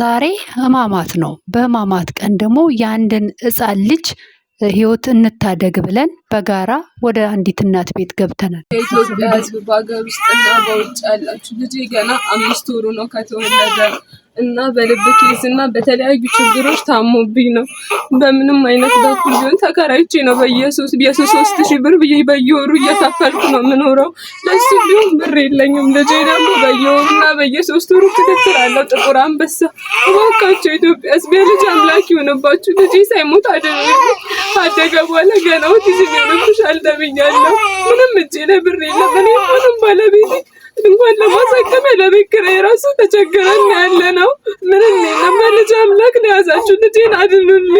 ዛሬ ህማማት ነው። በህማማት ቀን ደግሞ የአንድን ሕፃን ልጅ ህይወት እንታደግ ብለን በጋራ ወደ አንዲት እናት ቤት ገብተናል። የኢትዮጵያ ህዝብ በሀገር ውስጥና በውጭ ያላችሁ ልጅ ገና አምስት ወሩ ነው ከተወለደ እና በልብ ኬዝ እና በተለያዩ ችግሮች ታሞብኝ ነው። በምንም አይነት በኩል ቢሆን ተከራይቼ ነው በየሶስት ሶስት ሺህ ብር ብዬ በየወሩ እየከፈልኩ ነው የምኖረው። ለሱ ቢሆን ብር የለኝም። ልጄ ደግሞ በየወሩ በየሶስት ወሩ ክትትል አለው። ጥቁር አንበሳ እባካቸው ኢትዮጵያ ሕዝብ የልጅ አምላክ ይሆንባችሁ። ልጅ ሳይሞት አደገ በኋላ ገና ኦቲዝም ይሆንብሻል ተብያለሁ። ምንም እጄ ላይ ብር የለም። እኔ ምንም ባለቤቴ እንኳን ለማሳከም ለቤት ኪራይ ራሱ ተቸግረን ያለ ነው። ምንም የለም። በልጅ አምላክ ነው የያዛችሁ። ልጄን አድኑልኝ።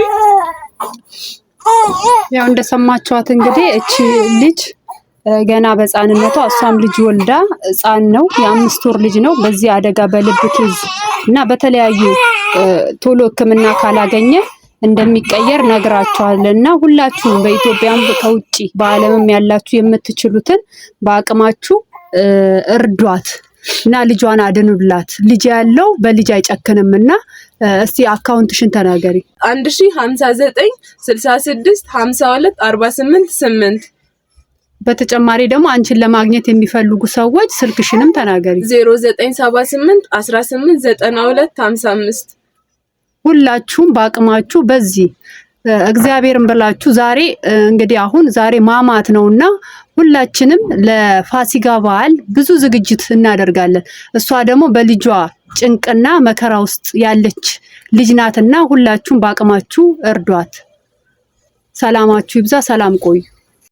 ያው እንደሰማችኋት እንግዲህ እቺ ልጅ ገና በህፃንነቷ እሷም ልጅ ወልዳ ህፃን ነው፣ የአምስት ወር ልጅ ነው። በዚህ አደጋ በልብ ኬዝ እና በተለያዩ ቶሎ ህክምና ካላገኘ እንደሚቀየር ነግራቸዋለን እና ሁላችሁም በኢትዮጵያም ከውጭ በዓለምም ያላችሁ የምትችሉትን በአቅማችሁ እርዷት እና ልጇን አድኑላት። ልጅ ያለው በልጅ አይጨክንም እና እስቲ አካውንትሽን ተናገሪ አንድ ሺ ሀምሳ ዘጠኝ ስልሳ ስድስት ሀምሳ ሁለት አርባ ስምንት ስምንት በተጨማሪ ደግሞ አንቺን ለማግኘት የሚፈልጉ ሰዎች ስልክሽንም ተናገሪ 0978 ሁላችሁም በአቅማችሁ በዚህ እግዚአብሔርን ብላችሁ ዛሬ እንግዲህ አሁን ዛሬ ማማት ነው እና ሁላችንም ለፋሲጋ በዓል ብዙ ዝግጅት እናደርጋለን። እሷ ደግሞ በልጇ ጭንቅና መከራ ውስጥ ያለች ልጅ ናትና ሁላችሁም በአቅማችሁ እርዷት። ሰላማችሁ ይብዛ። ሰላም ቆዩ።